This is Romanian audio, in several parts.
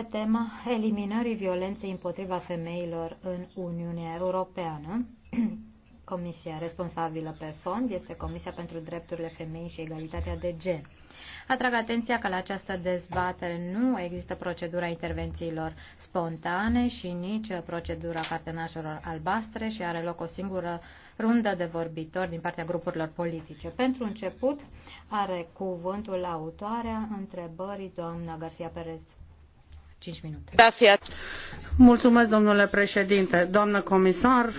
pe tema eliminării violenței împotriva femeilor în Uniunea Europeană. Comisia responsabilă pe fond este Comisia pentru Drepturile Femeii și Egalitatea de Gen. Atrag atenția că la această dezbatere nu există procedura intervențiilor spontane și nici procedura cartenașelor albastre și are loc o singură rundă de vorbitori din partea grupurilor politice. Pentru început are cuvântul autoarea întrebării doamna Garcia Perez Mulțumesc, domnule președinte. Doamnă comisar,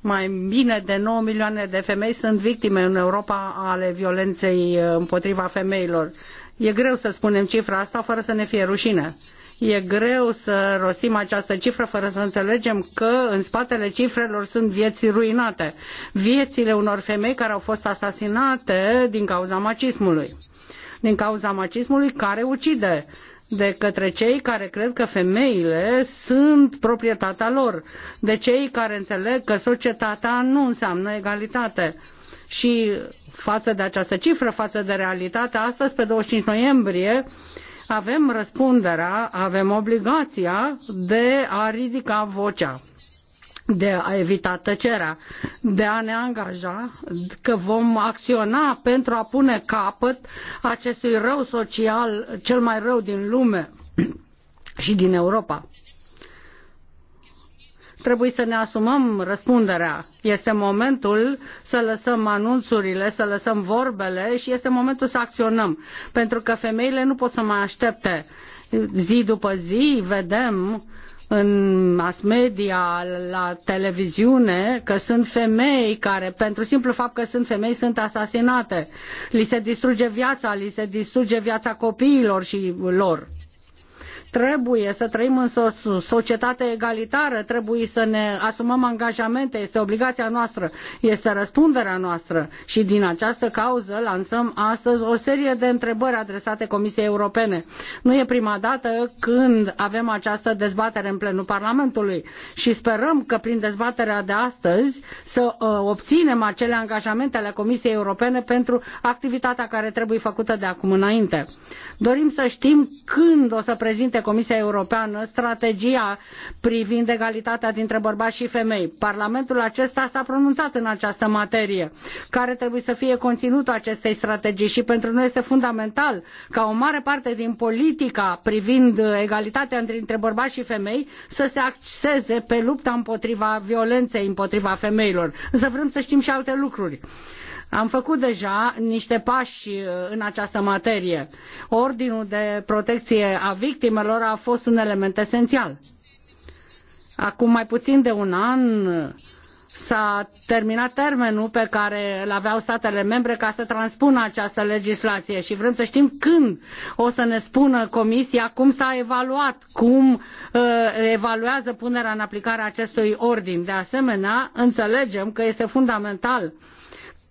mai bine de nouă milioane de femei sunt victime în Europa ale violenței împotriva femeilor. E greu să spunem cifra asta fără să ne fie rușine. E greu să rostim această cifră fără să înțelegem că în spatele cifrelor sunt vieți ruinate, viețile unor femei care au fost asasinate din cauza macismului din cauza macismului care ucide de către cei care cred că femeile sunt proprietatea lor, de cei care înțeleg că societatea nu înseamnă egalitate. Și față de această cifră, față de realitate, astăzi, pe 25 noiembrie, avem răspunderea, avem obligația de a ridica vocea de a evita tăcerea, de a ne angaja că vom acționa pentru a pune capăt acestui rău social, cel mai rău din lume și din Europa. Trebuie să ne asumăm răspunderea. Este momentul să lăsăm anunțurile, să lăsăm vorbele și este momentul să acționăm. Pentru că femeile nu pot să mai aștepte. Zi după zi vedem în mass media, la televiziune, că sunt femei care, pentru simplu fapt că sunt femei, sunt asasinate. Li se distruge viața, li se distruge viața copiilor și lor. Trebuie să trăim în o societate egalitară, trebuie să ne asumăm angajamente, este obligația noastră, este răspunderea noastră și din această cauză lansăm astăzi o serie de întrebări adresate Comisiei Europene. Nu e prima dată când avem această dezbatere în plenul Parlamentului și sperăm că prin dezbaterea de astăzi să ă, obținem acele angajamente ale Comisiei Europene pentru activitatea care trebuie făcută de acum înainte. Dorim să știm când o să prezinte Comisia Europeană strategia privind egalitatea dintre bărbați și femei. Parlamentul acesta s-a pronunțat în această materie. Care trebuie să fie conținutul acestei strategii și pentru noi este fundamental ca o mare parte din politica privind egalitatea dintre bărbați și femei să se axeze pe lupta împotriva violenței împotriva femeilor. Însă vrem să știm și alte lucruri am făcut deja niște pași uh, în această materie. Ordinul de protecție a victimelor a fost un element esențial. Acum mai puțin de un an uh, s-a terminat termenul pe care îl aveau statele membre ca să transpună această legislație și vrem să știm când o să ne spună Comisia cum s-a evaluat, cum uh, evaluează punerea în aplicare a acestui ordin. De asemenea, înțelegem că este fundamental uh,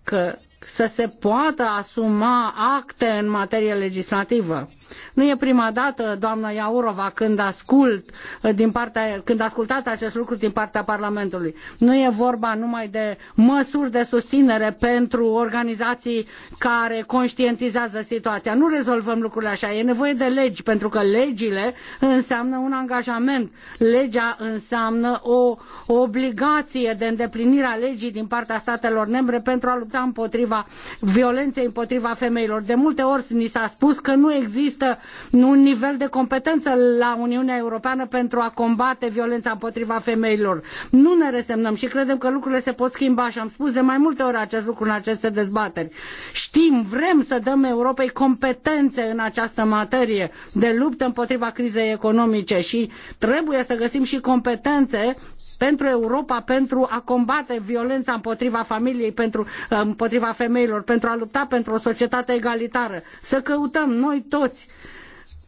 că să se poată asuma acte în materie legislativă. Nu e prima dată, doamna Iaurova, când ascult eh, din partea, când ascultați acest lucru din partea Parlamentului. Nu e vorba numai de măsuri de susținere pentru organizații care conștientizează situația. Nu rezolvăm lucrurile așa. E nevoie de legi, pentru că legile înseamnă un angajament. Legea înseamnă o obligație de îndeplinire a legii din partea statelor membre pentru a lupta împotriva violenței împotriva femeilor. De multe ori ni s-a spus că nu există există un nivel de competență la Uniunea Europeană pentru a combate violența împotriva femeilor. Nu ne resemnăm și credem că lucrurile se pot schimba și am spus de mai multe ori acest lucru în aceste dezbateri. Știm, vrem să dăm Europei competențe în această materie de luptă împotriva crizei economice și trebuie să găsim și competențe pentru Europa, pentru a combate violența împotriva familiei, pentru, împotriva femeilor, pentru a lupta pentru o societate egalitară. Să căutăm noi toți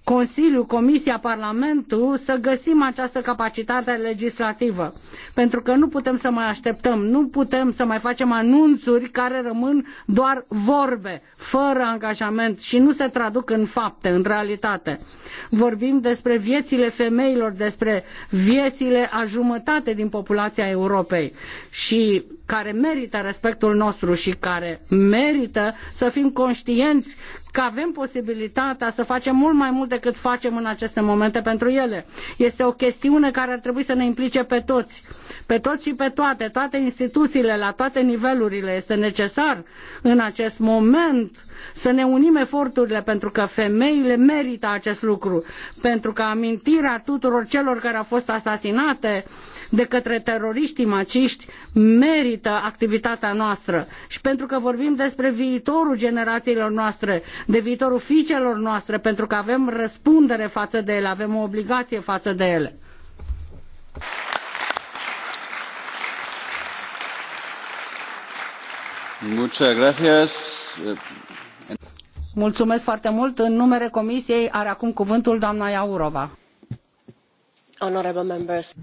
Consiliul, Comisia, Parlamentul să găsim această capacitate legislativă. Pentru că nu putem să mai așteptăm, nu putem să mai facem anunțuri care rămân doar vorbe, fără angajament și nu se traduc în fapte, în realitate. Vorbim despre viețile femeilor, despre viețile a jumătate din populația Europei și care merită respectul nostru și care merită să fim conștienți că avem posibilitatea să facem mult mai mult decât facem în aceste momente pentru ele. Este o chestiune care ar trebui să ne implice pe toți, pe toți și pe toate, toate instituțiile, la toate nivelurile. Este necesar în acest moment să ne unim eforturile pentru că femeile merită acest lucru, pentru că amintirea tuturor celor care au fost asasinate de către teroriștii maciști merită activitatea noastră și pentru că vorbim despre viitorul generațiilor noastre, de viitorul fiicelor noastre, pentru că avem răspundere față de ele, avem o obligație față de ele. Mulțumesc foarte mult. În numele Comisiei are acum cuvântul doamna Iaurova.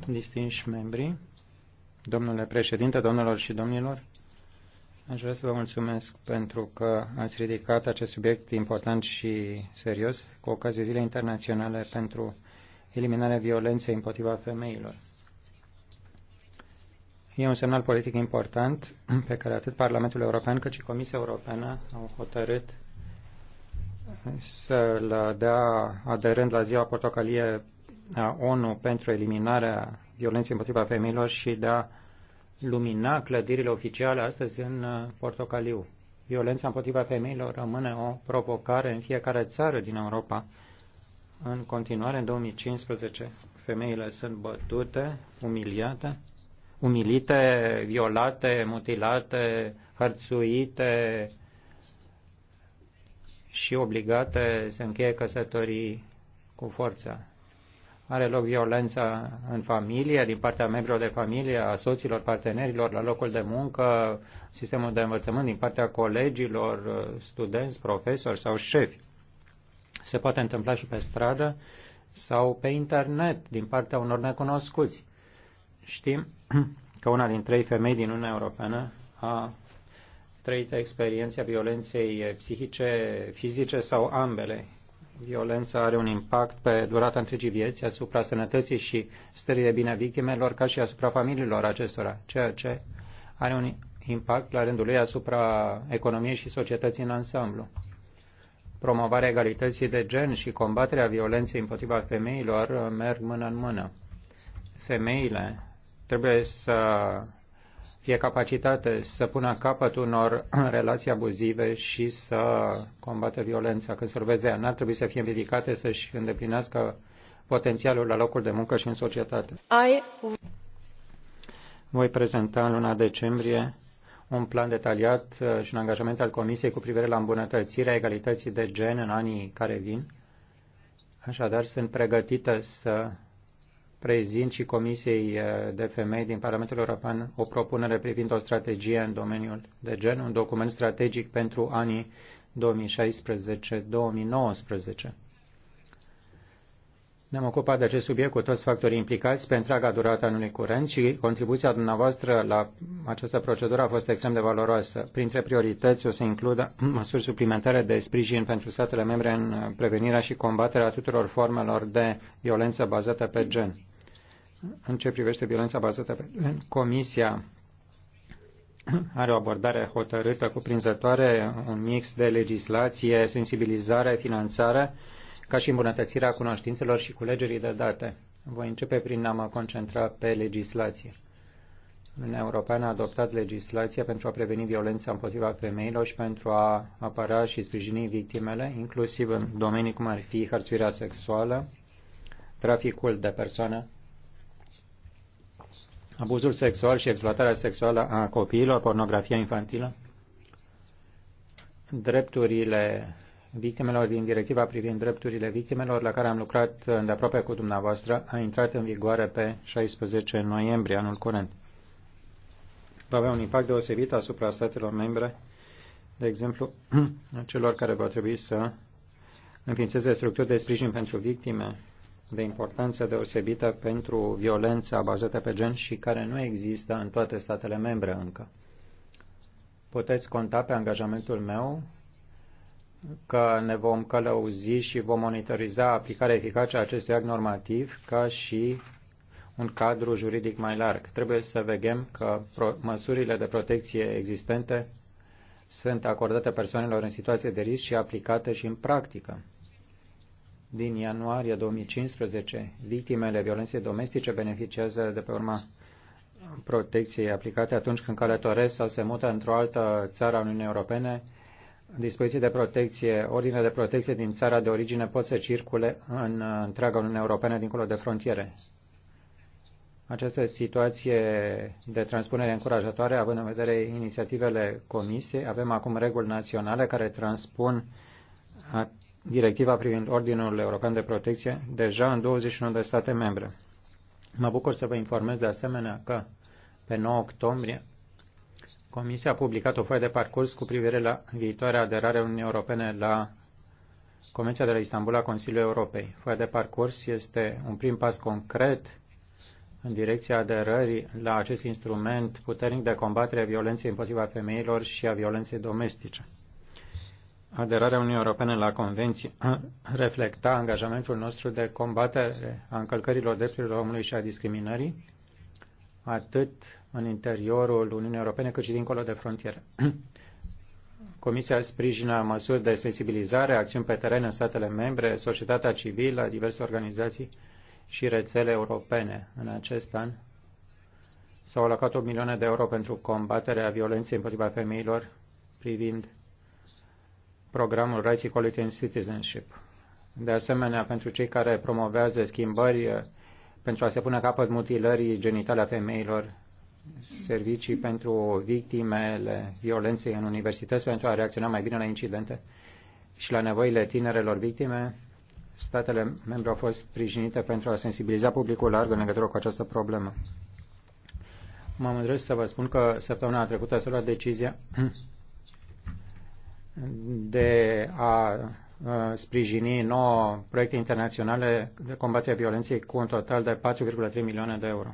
Distinși membri, domnule președinte, domnilor și domnilor, Aș vrea să vă mulțumesc pentru că ați ridicat acest subiect important și serios cu ocazia Zilei Internaționale pentru eliminarea violenței împotriva femeilor. E un semnal politic important pe care atât Parlamentul European cât și Comisia Europeană au hotărât să-l dea aderând la ziua portocalie a ONU pentru eliminarea violenței împotriva femeilor și de a lumina clădirile oficiale astăzi în uh, portocaliu. Violența împotriva femeilor rămâne o provocare în fiecare țară din Europa. În continuare, în 2015, femeile sunt bătute, umiliate, umilite, violate, mutilate, hărțuite și obligate să încheie căsătorii cu forța. Are loc violența în familie, din partea membrilor de familie, a soților, partenerilor, la locul de muncă, sistemul de învățământ, din partea colegilor, studenți, profesori sau șefi. Se poate întâmpla și pe stradă sau pe internet, din partea unor necunoscuți. Știm că una din trei femei din Uniunea Europeană a trăit experiența violenței psihice, fizice sau ambele. Violența are un impact pe durata întregii vieți asupra sănătății și stării de bine a victimelor, ca și asupra familiilor acestora, ceea ce are un impact la rândul lui asupra economiei și societății în ansamblu. Promovarea egalității de gen și combaterea violenței împotriva femeilor merg mână în mână. Femeile trebuie să fie capacitate să pună capăt unor relații abuzive și să combată violența. Când vorbesc de ea, n-ar trebui să fie împiedicate să-și îndeplinească potențialul la locul de muncă și în societate. I... Voi prezenta în luna decembrie un plan detaliat uh, și un angajament al Comisiei cu privire la îmbunătățirea egalității de gen în anii care vin. Așadar, sunt pregătită să prezint și Comisiei uh, de Femei din Parlamentul European o propunere privind o strategie în domeniul de gen, un document strategic pentru anii 2016-2019. Ne-am ocupat de acest subiect cu toți factorii implicați pe întreaga durată anului curent și contribuția dumneavoastră la această procedură a fost extrem de valoroasă. Printre priorități o să includă măsuri suplimentare de sprijin pentru statele membre în prevenirea și combaterea tuturor formelor de violență bazată pe gen în ce privește violența bazată pe gen, Comisia are o abordare hotărâtă, cuprinzătoare, un mix de legislație, sensibilizare, finanțare, ca și îmbunătățirea cunoștințelor și culegerii de date. Voi începe prin a mă concentra pe legislație. Uniunea Europeană a adoptat legislația pentru a preveni violența împotriva femeilor și pentru a apăra și sprijini victimele, inclusiv în domenii cum ar fi hărțuirea sexuală, traficul de persoane, abuzul sexual și exploatarea sexuală a copiilor, pornografia infantilă, drepturile victimelor din directiva privind drepturile victimelor, la care am lucrat îndeaproape cu dumneavoastră, a intrat în vigoare pe 16 noiembrie anul curent. Va avea un impact deosebit asupra statelor membre, de exemplu, celor care va trebui să înființeze structuri de sprijin pentru victime de importanță deosebită pentru violența bazată pe gen și care nu există în toate statele membre încă. Puteți conta pe angajamentul meu că ne vom călăuzi și vom monitoriza aplicarea eficace a acestui act normativ ca și un cadru juridic mai larg. Trebuie să vegem că măsurile de protecție existente sunt acordate persoanelor în situație de risc și aplicate și în practică din ianuarie 2015, victimele violenței domestice beneficiază de pe urma protecției aplicate atunci când călătoresc sau se mută într-o altă țară a Uniunii Europene. Dispoziții de protecție, ordine de protecție din țara de origine pot să circule în întreaga Uniune Europeană dincolo de frontiere. Această situație de transpunere încurajatoare, având în vedere inițiativele Comisiei, avem acum reguli naționale care transpun directiva privind Ordinul European de Protecție deja în 21 de state membre. Mă bucur să vă informez de asemenea că pe 9 octombrie Comisia a publicat o foaie de parcurs cu privire la viitoarea aderare a Uniunii Europene la Convenția de la Istanbul a Consiliului Europei. Foaia de parcurs este un prim pas concret în direcția aderării la acest instrument puternic de combatere a violenței împotriva femeilor și a violenței domestice aderarea Uniunii Europene la Convenție reflecta angajamentul nostru de combatere a încălcărilor drepturilor omului și a discriminării, atât în interiorul Uniunii Europene, cât și dincolo de frontiere. Comisia sprijină măsuri de sensibilizare, acțiuni pe teren în statele membre, societatea civilă, diverse organizații și rețele europene. În acest an s-au alocat 8 milioane de euro pentru combaterea violenței împotriva femeilor privind programul Rights Equality and Citizenship. De asemenea, pentru cei care promovează schimbări eh, pentru a se pune capăt mutilării genitale a femeilor, servicii pentru victimele violenței în universități pentru a reacționa mai bine la incidente și la nevoile tinerelor victime, statele membre au fost sprijinite pentru a sensibiliza publicul larg în legătură cu această problemă. Mă mândresc să vă spun că săptămâna trecută s-a luat decizia de a sprijini nouă proiecte internaționale de combatere a violenței cu un total de 4,3 milioane de euro.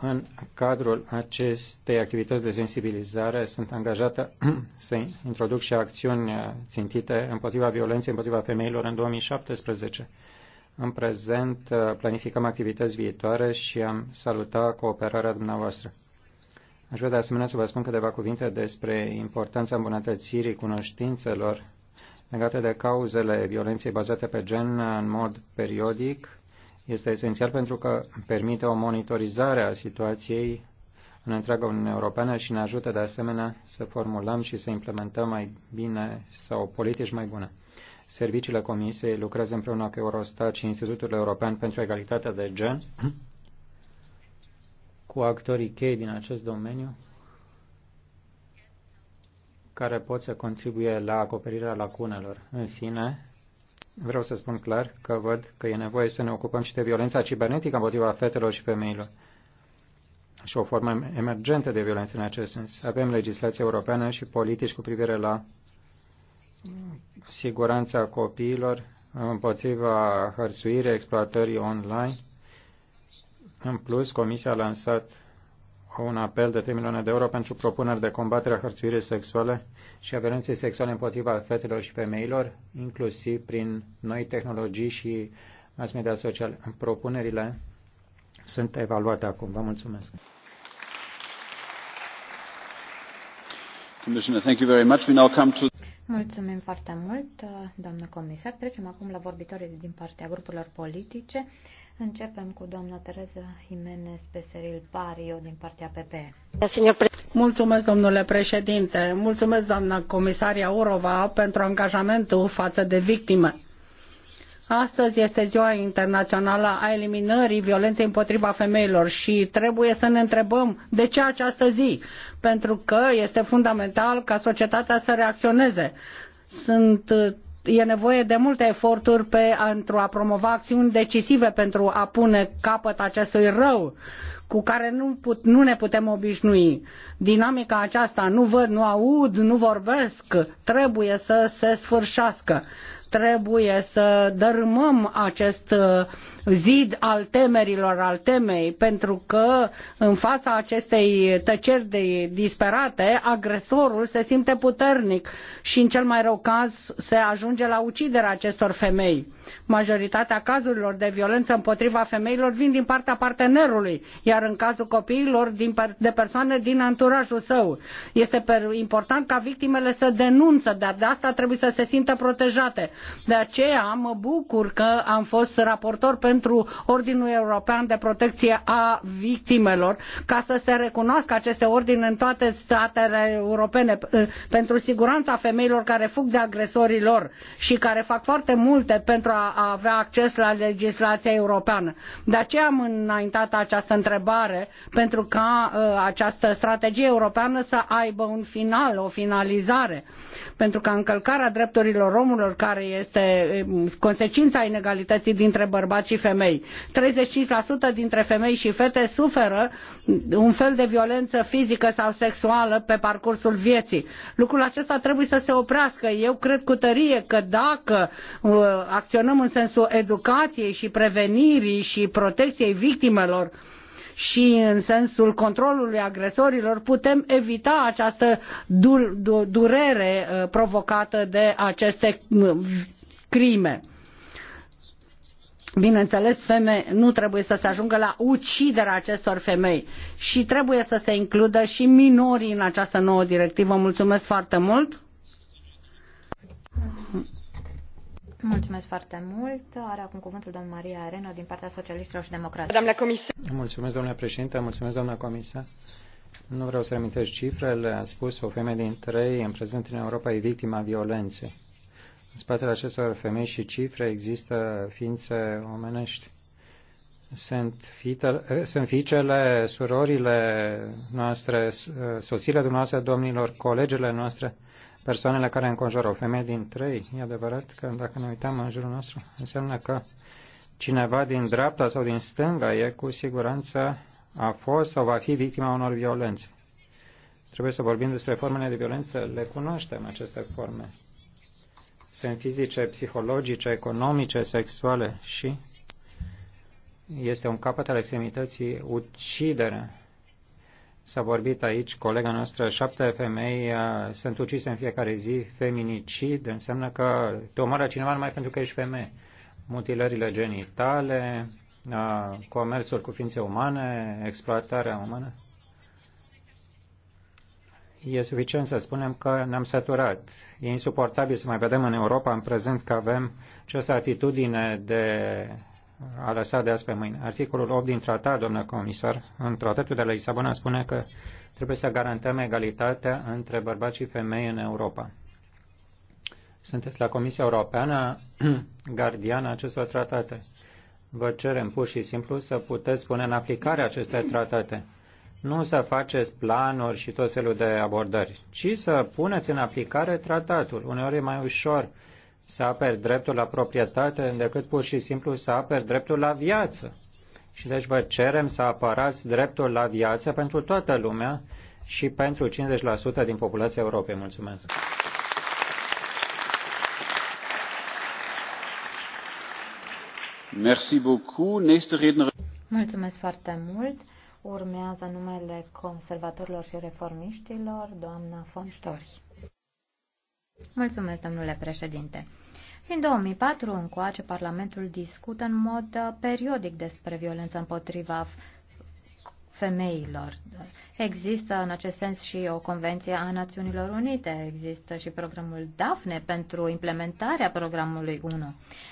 În cadrul acestei activități de sensibilizare sunt angajată să introduc și acțiuni țintite împotriva violenței împotriva femeilor în 2017. În prezent uh, planificăm activități viitoare și am salutat cooperarea dumneavoastră. Aș vrea de asemenea să vă spun câteva cuvinte despre importanța îmbunătățirii cunoștințelor legate de cauzele violenței bazate pe gen în mod periodic. Este esențial pentru că permite o monitorizare a situației în întreaga Uniune Europeană și ne ajută de asemenea să formulăm și să implementăm mai bine sau politici mai bune. Serviciile Comisiei lucrează împreună cu Eurostat și Institutul European pentru Egalitatea de Gen cu actorii chei din acest domeniu care pot să contribuie la acoperirea lacunelor. În fine, vreau să spun clar că văd că e nevoie să ne ocupăm și de violența cibernetică împotriva fetelor și femeilor și o formă emergentă de violență în acest sens. Avem legislație europeană și politici cu privire la siguranța copiilor împotriva hărțuirii, exploatării online, în plus, Comisia a lansat un apel de 3 milioane de euro pentru propuneri de combatere a hărțuirii sexuale și a violenței sexuale împotriva fetelor și femeilor, inclusiv prin noi tehnologii și mass media sociale. Propunerile sunt evaluate acum. Vă mulțumesc. Mulțumim foarte mult, doamnă comisar. Trecem acum la vorbitorii din partea grupurilor politice. Începem cu doamna Tereza Jimenez Peseril Pario din partea PP. Mulțumesc, domnule președinte. Mulțumesc, doamna comisaria Urova, pentru angajamentul față de victime. Astăzi este ziua internațională a eliminării violenței împotriva femeilor și trebuie să ne întrebăm de ce această zi, pentru că este fundamental ca societatea să reacționeze. Sunt e nevoie de multe eforturi pentru a promova acțiuni decisive pentru a pune capăt acestui rău cu care nu, put, nu ne putem obișnui. Dinamica aceasta, nu văd, nu aud, nu vorbesc, trebuie să se sfârșească. Trebuie să dărâmăm acest uh, zid al temerilor, al temei, pentru că în fața acestei tăceri de disperate, agresorul se simte puternic și în cel mai rău caz se ajunge la uciderea acestor femei. Majoritatea cazurilor de violență împotriva femeilor vin din partea partenerului, iar în cazul copiilor din, de persoane din anturajul său. Este important ca victimele să denunță, dar de asta trebuie să se simtă protejate. De aceea mă bucur că am fost raportor pentru Ordinul European de Protecție a Victimelor, ca să se recunoască aceste ordine în toate statele europene eh, pentru siguranța femeilor care fug de agresorii lor și care fac foarte multe pentru a avea acces la legislația europeană. De aceea am înaintat această întrebare pentru ca eh, această strategie europeană să aibă un final, o finalizare, pentru ca încălcarea drepturilor omului care este um, consecința inegalității dintre bărbați și femei. 35% dintre femei și fete suferă un fel de violență fizică sau sexuală pe parcursul vieții. Lucrul acesta trebuie să se oprească. Eu cred cu tărie că dacă uh, acționăm în sensul educației și prevenirii și protecției victimelor, și în sensul controlului agresorilor putem evita această durere uh, provocată de aceste uh, crime. Bineînțeles, femei, nu trebuie să se ajungă la uciderea acestor femei și trebuie să se includă și minorii în această nouă directivă. Mulțumesc foarte mult! Mulțumesc foarte mult. Are acum cuvântul domnul Maria Arena din partea socialiștilor și democraților. Doamna comisar. Mulțumesc, domnule președinte. Mulțumesc, doamna comisar. Nu vreau să remintesc cifrele. A spus o femeie din trei în prezent în Europa e victima violenței. În spatele acestor femei și cifre există ființe omenești sunt, fitele, sunt fiicele, surorile noastre, eh, soțiile dumneavoastră, domnilor, colegele noastre, persoanele care înconjoară o femeie din trei. E adevărat că dacă ne uităm în jurul nostru, înseamnă că cineva din dreapta sau din stânga e cu siguranță a fost sau va fi victima unor violențe. Trebuie să vorbim despre formele de violență, le cunoaștem aceste forme. Sunt fizice, psihologice, economice, sexuale și este un capăt al extremității ucidere. S-a vorbit aici, colega noastră, șapte femei uh, sunt ucise în fiecare zi, feminicid, înseamnă că te omoară cineva numai pentru că ești femeie. Mutilările genitale, uh, comerțul cu ființe umane, exploatarea umană. E suficient să spunem că ne-am săturat. E insuportabil să mai vedem în Europa în prezent că avem această atitudine de lăsat de azi pe mâine. Articolul 8 din tratat, domnule comisar, în tratatul de la Lisabona spune că trebuie să garantăm egalitatea între bărbați și femei în Europa. Sunteți la Comisia Europeană gardiana acestor tratate. Vă cerem pur și simplu să puteți pune în aplicare aceste tratate. Nu să faceți planuri și tot felul de abordări, ci să puneți în aplicare tratatul. Uneori e mai ușor uh, să aperi dreptul la proprietate decât pur și simplu să aperi dreptul la viață. Și deci vă cerem să apărați dreptul la viață pentru toată lumea și pentru 50% din populația Europei. Mulțumesc! Merci beaucoup. Mulțumesc foarte mult. Urmează numele conservatorilor și reformiștilor, doamna von Storch. Mulțumesc, domnule președinte. Din 2004 încoace, Parlamentul discută în mod uh, periodic despre violența împotriva femeilor Există în acest sens și o convenție a Națiunilor Unite, există și programul DAFNE pentru implementarea programului 1.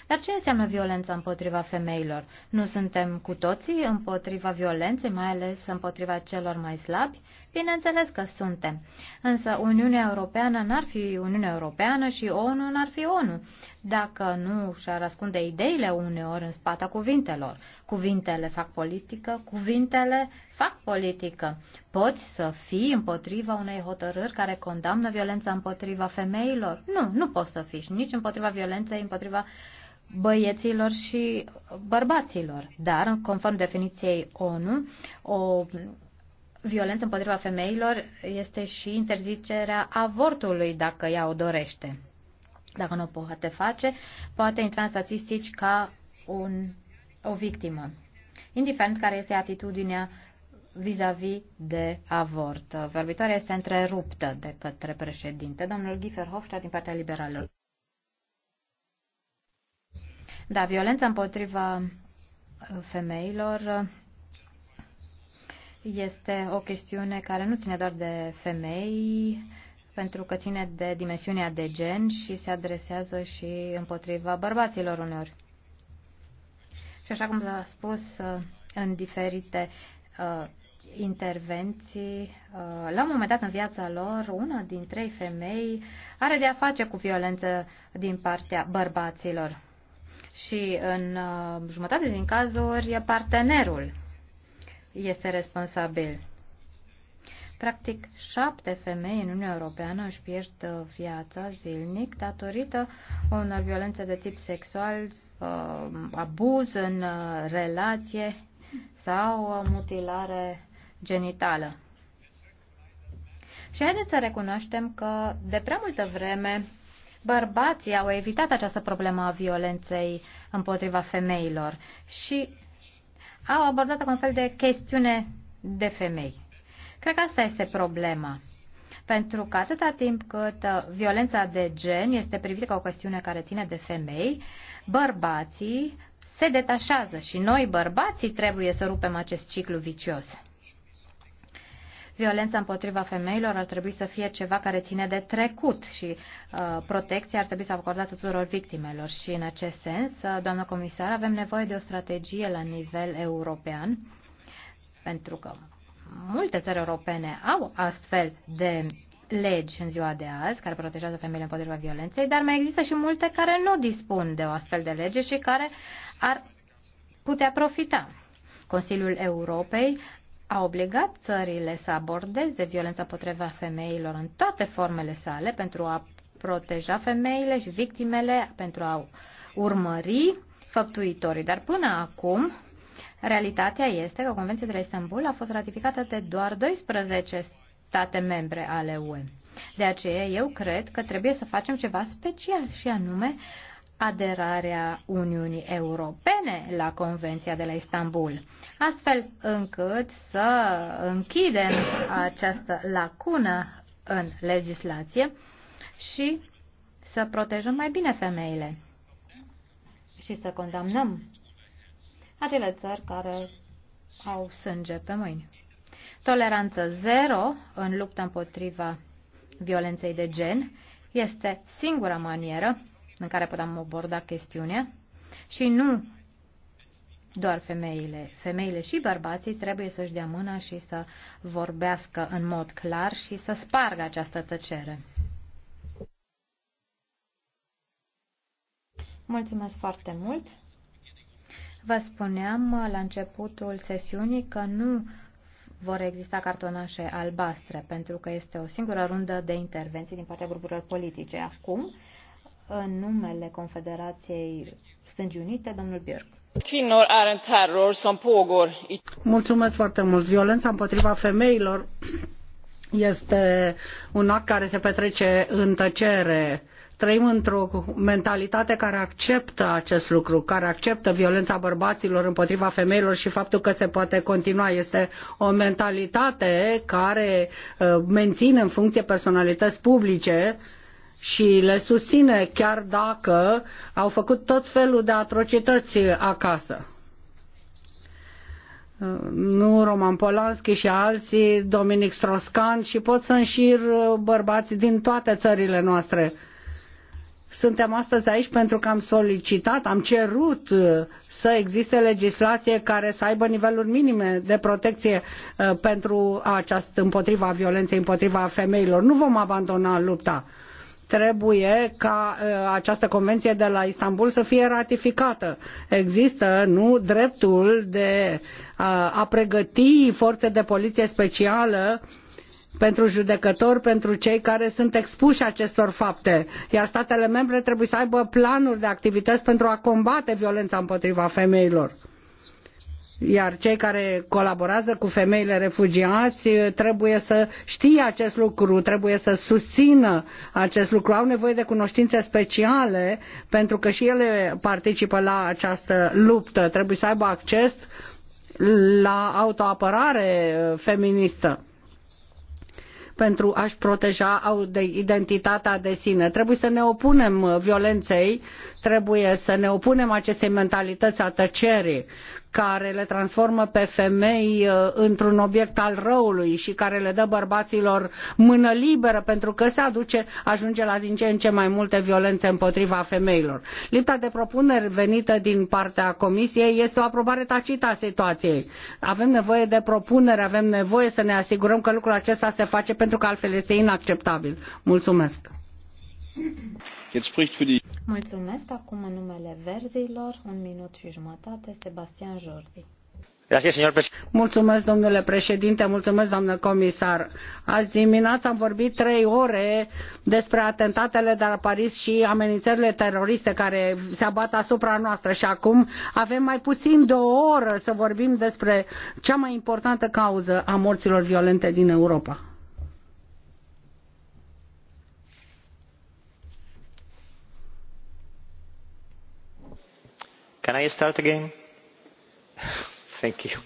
Dar ce înseamnă violența împotriva femeilor? Nu suntem cu toții împotriva violenței, mai ales împotriva celor mai slabi? Bineînțeles că suntem. Însă Uniunea Europeană n-ar fi Uniunea Europeană și ONU n-ar fi ONU, dacă nu și-ar ascunde ideile uneori în spata cuvintelor. Cuvintele fac politică, cuvintele fac politică Poți să fii împotriva unei hotărâri care condamnă violența împotriva femeilor? Nu, nu poți să fii și nici împotriva violenței împotriva băieților și bărbaților. Dar, conform definiției ONU, o violență împotriva femeilor este și interzicerea avortului dacă ea o dorește. Dacă nu o poate face, poate intra în statistici ca un, o victimă. Indiferent care este atitudinea vis-a-vis -vis de avort. Vorbitoarea este întreruptă de către președinte. Domnul Giefer Hofstadt din partea liberalilor. Da, violența împotriva uh, femeilor uh, este o chestiune care nu ține doar de femei, pentru că ține de dimensiunea de gen și se adresează și împotriva bărbaților uneori. Și așa cum s-a spus uh, în diferite intervenții. Uh, la un moment dat în viața lor, una din trei femei are de a face cu violență din partea bărbaților. Și în uh, jumătate din cazuri, partenerul este responsabil. Practic, șapte femei în Uniunea Europeană își pierd uh, viața zilnic datorită unor violențe de tip sexual, abuz în relație sau mutilare genitală. Și haideți să recunoaștem că de prea multă vreme bărbații au evitat această problemă a violenței împotriva femeilor și au abordat-o ca un fel de chestiune de femei. Cred că asta este problema. Pentru că atâta timp cât uh, violența de gen este privită ca o chestiune care ține de femei, bărbații se detașează și noi, bărbații, trebuie să rupem acest ciclu vicios. Violența împotriva femeilor ar trebui să fie ceva care ține de trecut și uh, protecția ar trebui să acordată tuturor victimelor. Și în acest sens, uh, doamnă comisar, avem nevoie de o strategie la nivel european, pentru că multe țări europene au astfel de legi în ziua de azi care protejează femeile împotriva violenței, dar mai există și multe care nu dispun de o astfel de lege și care ar putea profita. Consiliul Europei a obligat țările să abordeze violența potriva femeilor în toate formele sale pentru a proteja femeile și victimele, pentru a urmări făptuitorii. Dar până acum, realitatea este că Convenția de la Istanbul a fost ratificată de doar 12 state membre ale UE. De aceea eu cred că trebuie să facem ceva special și anume aderarea Uniunii Europene la Convenția de la Istanbul, astfel încât să închidem această lacună în legislație și să protejăm mai bine femeile și să condamnăm acele țări care au sânge pe mâini. Toleranță zero în lupta împotriva violenței de gen este singura manieră în care putem aborda chestiunea și nu doar femeile. Femeile și bărbații trebuie să-și dea mâna și să vorbească în mod clar și să spargă această tăcere. Mulțumesc foarte mult! Vă spuneam la începutul sesiunii că nu vor exista cartonașe albastre, pentru că este o singură rundă de intervenții din partea grupurilor politice. Acum în numele Confederației Stângi Unite, domnul Björk. Kvinnor är en terror som pågår. Mulțumesc foarte mult. Violența împotriva femeilor este un act care se petrece în tăcere. Trăim într-o mentalitate care acceptă acest lucru, care acceptă violența bărbaților împotriva femeilor și faptul că se poate continua. Este o mentalitate care uh, menține în funcție personalități publice uh, și le susține chiar dacă au făcut tot felul de atrocități acasă. Nu Roman Polanski și alții, Dominic Stroscan și pot să înșir uh, bărbați din toate țările noastre. Suntem astăzi aici pentru că am solicitat, am cerut uh, să existe legislație care să aibă niveluri minime de protecție uh, pentru această împotriva violenței împotriva femeilor. Nu vom abandona lupta trebuie ca uh, această convenție de la Istanbul să fie ratificată. Există, nu, dreptul de a pregăti forțe de poliție specială pentru judecători, pentru cei care sunt expuși acestor fapte. Iar statele membre trebuie să aibă planuri de activități pentru a combate violența împotriva femeilor iar cei care colaborează cu femeile refugiați eh, trebuie să știe acest lucru, trebuie să susțină acest lucru. Au nevoie de cunoștințe speciale pentru că și ele participă la această luptă. Trebuie să aibă acces la autoapărare eh, feministă pentru a-și proteja identitatea de sine. Trebuie să ne opunem eh, violenței, trebuie să ne opunem acestei mentalități a tăcerii care le transformă pe femei uh, într-un obiect al răului și care le dă bărbaților mână liberă pentru că se aduce, ajunge la din ce în ce mai multe violențe împotriva femeilor. Lipta de propuneri venită din partea Comisiei este o aprobare tacită a situației. Avem nevoie de propuneri, avem nevoie să ne asigurăm că lucrul acesta se face pentru că altfel este inacceptabil. Mulțumesc! Mulțumesc. Acum în numele verzilor, un minut și jumătate, Sebastian Jordi. Mulțumesc, domnule președinte, mulțumesc, doamnă comisar. Azi dimineață am vorbit trei ore despre atentatele de la Paris și amenințările teroriste care se abat asupra noastră și acum avem mai puțin de o oră să vorbim despre cea mai importantă cauză a morților violente din Europa Can I start again? Thank you.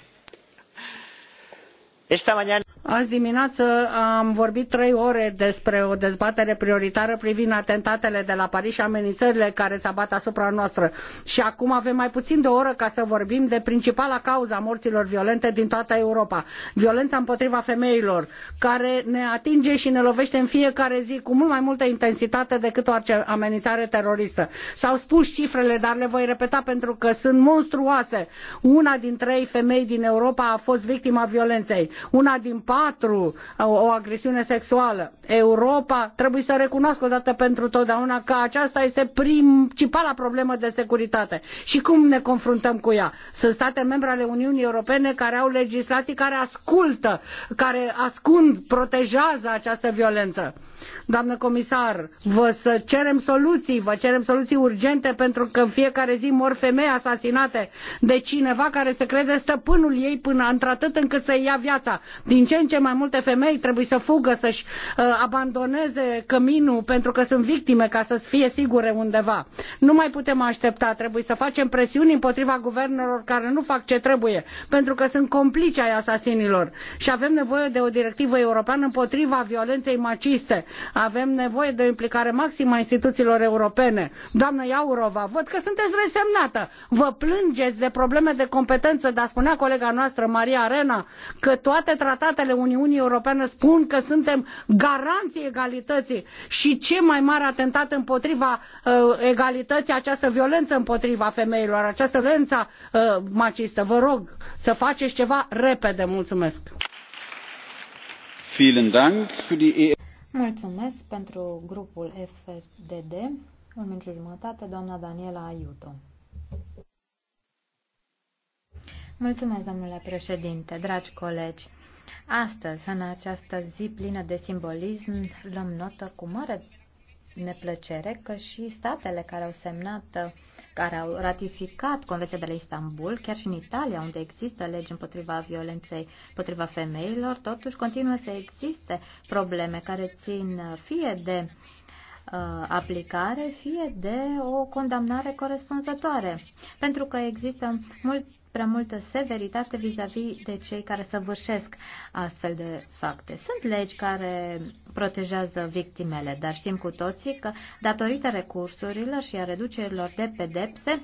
Esta mañana. Azi dimineață am vorbit trei ore despre o dezbatere prioritară privind atentatele de la Paris și amenințările care se abat asupra noastră. Și acum avem mai puțin de o oră ca să vorbim de principala cauză a morților violente din toată Europa. Violența împotriva femeilor, care ne atinge și ne lovește în fiecare zi cu mult mai multă intensitate decât orice amenințare teroristă. S-au spus cifrele, dar le voi repeta pentru că sunt monstruoase. Una din trei femei din Europa a fost victima violenței. Una din 4, o agresiune sexuală. Europa trebuie să recunoască dată pentru totdeauna că aceasta este principala problemă de securitate. Și cum ne confruntăm cu ea? Sunt state membre ale Uniunii Europene care au legislații care ascultă, care ascund, protejează această violență. Doamnă comisar, vă să cerem soluții, vă cerem soluții urgente pentru că în fiecare zi mor femei asasinate de cineva care se crede stăpânul ei până într-atât încât să ia viața. Din ce în ce mai multe femei trebuie să fugă, să-și uh, abandoneze căminul pentru că sunt victime ca să fie sigure undeva. Nu mai putem aștepta, trebuie să facem presiuni împotriva guvernelor care nu fac ce trebuie, pentru că sunt complici ai asasinilor. Și avem nevoie de o directivă europeană împotriva violenței maciste. Avem nevoie de o implicare maximă a instituțiilor europene. Doamnă Iaurova, văd că sunteți resemnată. Vă plângeți de probleme de competență, dar spunea colega noastră Maria Arena că toate tratatele ale Uniunii Europene spun că suntem garanții egalității și ce mai mare atentat împotriva uh, egalității, această violență împotriva femeilor, această violență uh, macistă. Vă rog să faceți ceva repede. Mulțumesc! Mulțumesc pentru grupul FDD. Un minut jumătate, doamna Daniela Aiuto. Mulțumesc, domnule președinte, dragi colegi. Astăzi, în această zi plină de simbolism, luăm notă cu mare neplăcere că și statele care au semnat, care au ratificat Convenția de la Istanbul, chiar și în Italia, unde există legi împotriva violenței împotriva femeilor, totuși continuă să existe probleme care țin fie de uh, aplicare, fie de o condamnare corespunzătoare. Pentru că există mult prea multă severitate vis-a-vis -vis de cei care săvârșesc astfel de fapte. Sunt legi care protejează victimele, dar știm cu toții că datorită recursurilor și a reducerilor de pedepse,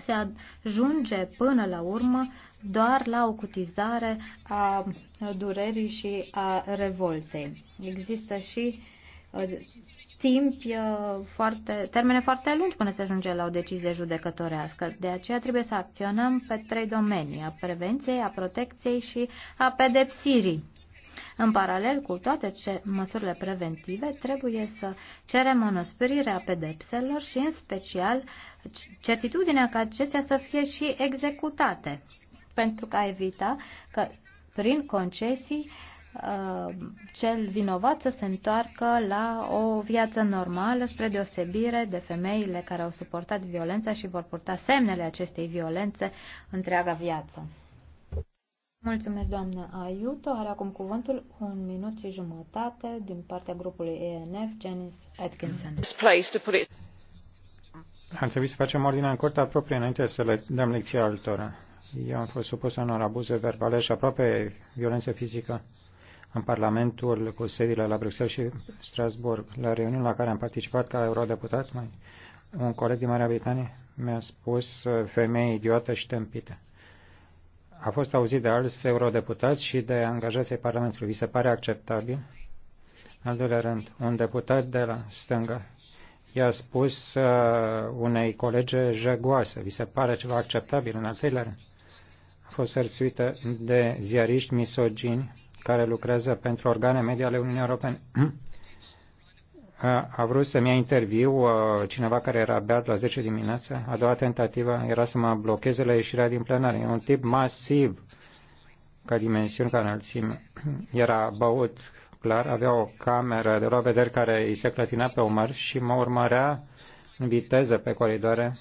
se ajunge până la urmă doar la o cutizare a durerii și a revoltei. Există și Uh, timp uh, foarte, termene foarte lungi până se ajunge la o decizie judecătorească. De aceea trebuie să acționăm pe trei domenii, a prevenției, a protecției și a pedepsirii. În paralel cu toate ce, măsurile preventive, trebuie să cerem o a pedepselor și, în special, certitudinea că acestea să fie și executate, pentru a evita că, prin concesii, uh, Uh, cel vinovat să se întoarcă la o viață normală, spre deosebire de femeile care au suportat violența și vor purta semnele acestei violențe întreaga viață. Mulțumesc, doamnă Aiuto. Are acum cuvântul un minut și jumătate din partea grupului ENF, Janice Atkinson. Ar trebui să facem ordinea în curtea proprie înainte să le dăm lecția altora. Eu am fost supus unor abuze verbale și aproape violență fizică în Parlamentul cu sediile la Bruxelles și Strasburg. La reuniunea la care am participat ca eurodeputat, mai, un coleg din Marea Britanie mi-a spus ă, femeie idiotă și tâmpită. A fost auzit de alți eurodeputați și de angajații Parlamentului. Vi se pare acceptabil? Al doilea rând, un deputat de la stânga i-a spus uh, unei colege jegoasă. Vi se pare ceva acceptabil? În al treilea rând, a fost hărțuită de ziariști misogini care lucrează pentru organe media ale Uniunii Europene. A vrut să-mi ia interviu uh, cineva care era beat la 10 dimineața. A doua tentativă era să mă blocheze la ieșirea din plenar. E un tip masiv ca dimensiuni, ca înălțime. Era băut, clar, avea o cameră de la vedere care îi se clătina pe umăr și mă urmărea în viteză pe coridoare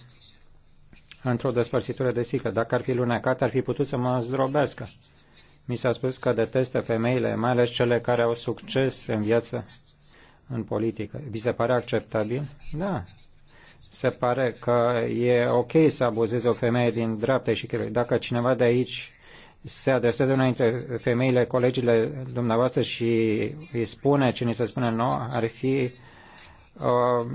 într-o despărțitură de sticlă. Dacă ar fi lunecat, ar fi putut să mă zdrobească. Mi s-a spus că detestă femeile, mai ales cele care au succes în viață, în politică. Vi se pare acceptabil? Da. Se pare că e ok să abuzeze o femeie din dreapta și că dacă cineva de aici se adresează una dintre femeile, colegile dumneavoastră și îi spune ce ni se spune nouă, ar fi Uh,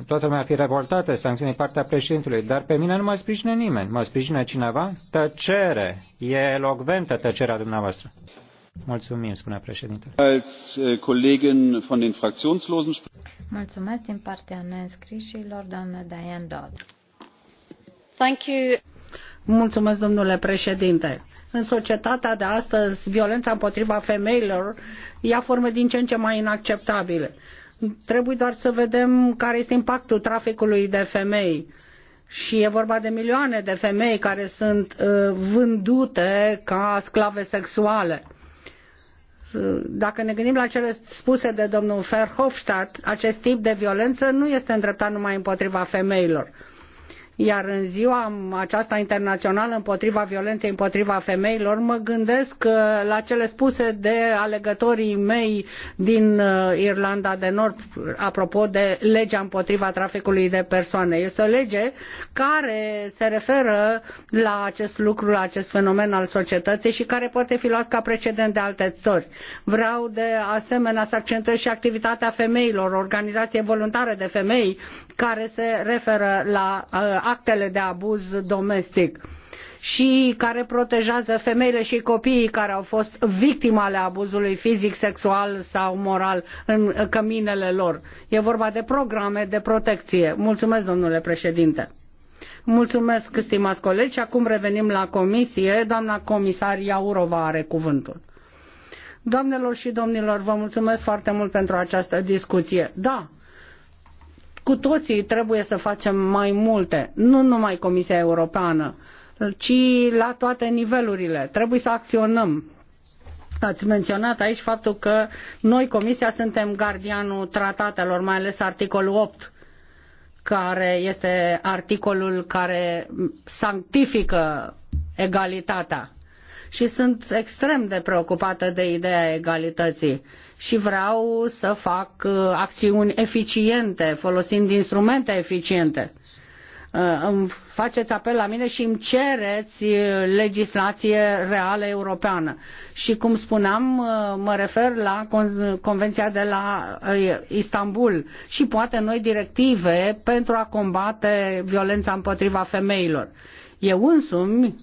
toată lumea ar fi revoltată, sancțiuni partea președintelui, dar pe mine nu mă sprijină nimeni. Mă sprijină cineva? Tăcere! E elogventă tăcerea dumneavoastră. Mulțumim, spune președintele. Uh, Mulțumesc din partea neînscrișilor, doamnă Diane Dodd. Thank you. Mulțumesc, domnule președinte în societatea de astăzi violența împotriva femeilor ia forme din ce în ce mai inacceptabile. Trebuie doar să vedem care este impactul traficului de femei. Și e vorba de milioane de femei care sunt uh, vândute ca sclave sexuale uh, dacă ne gândim la cele spuse de domnul Verhofstadt, acest tip de violență nu este îndreptat numai împotriva femeilor iar în ziua aceasta internațională împotriva violenței împotriva femeilor, mă gândesc uh, la cele spuse de alegătorii mei din uh, Irlanda de Nord, apropo de legea împotriva traficului de persoane. Este o lege care se referă la acest lucru, la acest fenomen al societății și care poate fi luat ca precedent de alte țări. Vreau de asemenea să accentuez și activitatea femeilor, organizație voluntară de femei care se referă la uh, actele de abuz domestic și care protejează femeile și copiii care au fost victime ale abuzului fizic, sexual sau moral în căminele lor. E vorba de programe de protecție. Mulțumesc, domnule președinte. Mulțumesc, stimați colegi. Acum revenim la comisie. Doamna comisar Iaurova are cuvântul. Doamnelor și domnilor, vă mulțumesc foarte mult pentru această discuție. Da, cu toții trebuie să facem mai multe, nu numai Comisia Europeană, ci la toate nivelurile. Trebuie să acționăm. Ați menționat aici faptul că noi, Comisia, suntem gardianul tratatelor, mai ales articolul 8 care este articolul care sanctifică egalitatea. Și sunt extrem de preocupată de ideea egalității și vreau să fac uh, acțiuni eficiente, folosind instrumente eficiente. Uh, îmi faceți apel la mine și îmi cereți uh, legislație reală europeană. Și cum spuneam, mă refer la Convenția de la Istanbul și poate noi directive pentru a combate violența împotriva femeilor. Eu însumi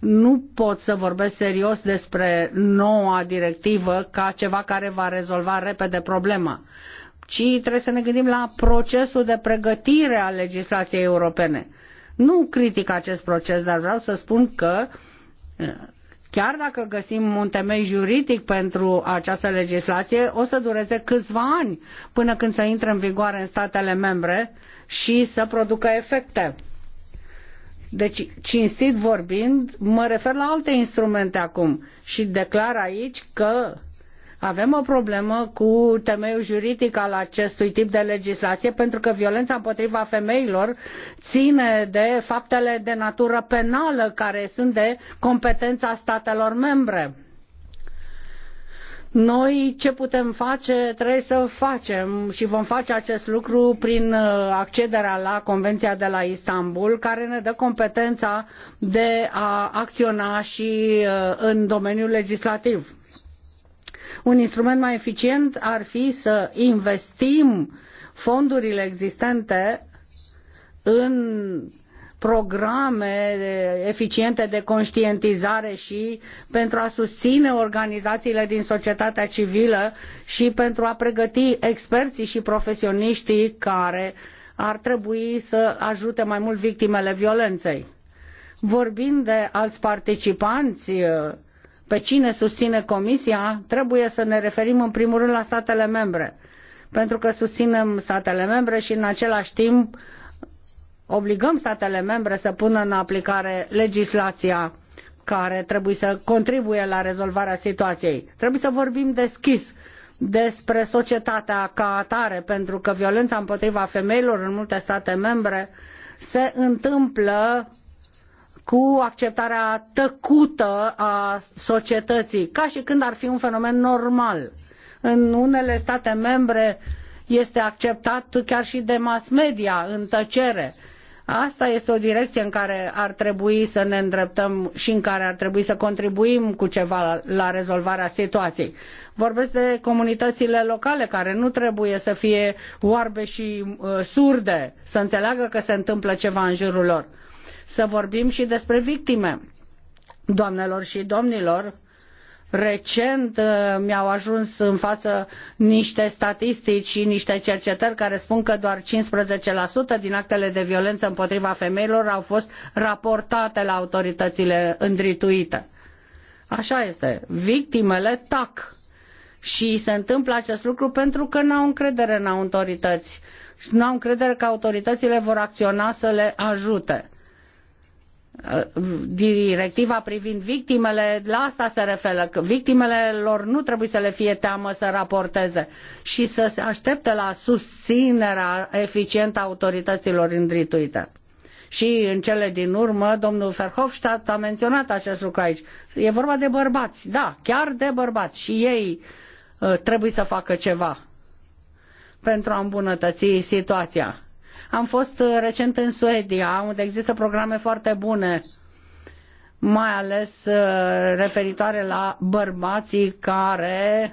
nu pot să vorbesc serios despre noua directivă ca ceva care va rezolva repede problema, ci trebuie să ne gândim la procesul de pregătire a legislației europene. Nu critic acest proces, dar vreau să spun că chiar dacă găsim un temei juridic pentru această legislație, o să dureze câțiva ani până când să intre în vigoare în statele membre și să producă efecte deci, cinstit vorbind, mă refer la alte instrumente acum și declar aici că avem o problemă cu temeiul juridic al acestui tip de legislație pentru că violența împotriva femeilor ține de faptele de natură penală care sunt de competența statelor membre noi ce putem face trebuie să facem și vom face acest lucru prin uh, accederea la Convenția de la Istanbul, care ne dă competența de a acționa și uh, în domeniul legislativ. Un instrument mai eficient ar fi să investim fondurile existente în programe eficiente de conștientizare și pentru a susține organizațiile din societatea civilă și pentru a pregăti experții și profesioniștii care ar trebui să ajute mai mult victimele violenței. Vorbind de alți participanți, pe cine susține Comisia, trebuie să ne referim în primul rând la statele membre, pentru că susținem statele membre și în același timp obligăm statele membre să pună în aplicare legislația care trebuie să contribuie la rezolvarea situației. Trebuie să vorbim deschis despre societatea ca atare, pentru că violența împotriva femeilor în multe state membre se întâmplă cu acceptarea tăcută a societății, ca și când ar fi un fenomen normal. În unele state membre este acceptat chiar și de mass media în tăcere Asta este o direcție în care ar trebui să ne îndreptăm și în care ar trebui să contribuim cu ceva la rezolvarea situației. Vorbesc de comunitățile locale care nu trebuie să fie oarbe și uh, surde, să înțeleagă că se întâmplă ceva în jurul lor. Să vorbim și despre victime. Doamnelor și domnilor, Recent uh, mi-au ajuns în față niște statistici și niște cercetări care spun că doar 15% din actele de violență împotriva femeilor au fost raportate la autoritățile îndrituite. Așa este. Victimele tac. Și se întâmplă acest lucru pentru că nu au încredere în autorități. Și nu au încredere că autoritățile vor acționa să le ajute Uh, directiva privind victimele, la asta se referă, că victimele lor nu trebuie să le fie teamă să raporteze și să se aștepte la susținerea eficientă a autorităților îndrituite. Și în cele din urmă, domnul Verhofstadt a menționat acest lucru aici. E vorba de bărbați, da, chiar de bărbați și ei uh, trebuie să facă ceva pentru a îmbunătăți situația am fost uh, recent în Suedia, unde există programe foarte bune, mai ales uh, referitoare la bărbații care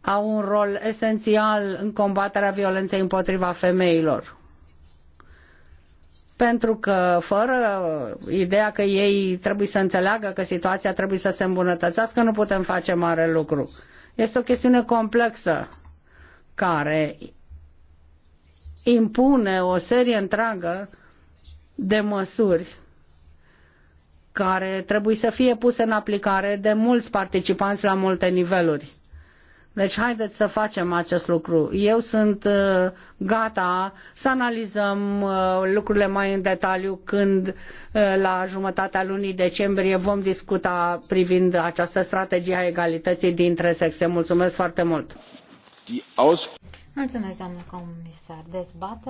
au un rol esențial în combaterea violenței împotriva femeilor pentru că fără uh, ideea că ei trebuie să înțeleagă că situația trebuie să se îmbunătățească, nu putem face mare lucru. Este o chestiune complexă care impune o serie întreagă de măsuri care trebuie să fie puse în aplicare de mulți participanți la multe niveluri. Deci haideți să facem acest lucru. Eu sunt uh, gata să analizăm uh, lucrurile mai în detaliu când uh, la jumătatea lunii decembrie vom discuta privind această strategie a egalității dintre sexe. Mulțumesc foarte mult! Mulțumesc, doamnă comisar. Dezbate.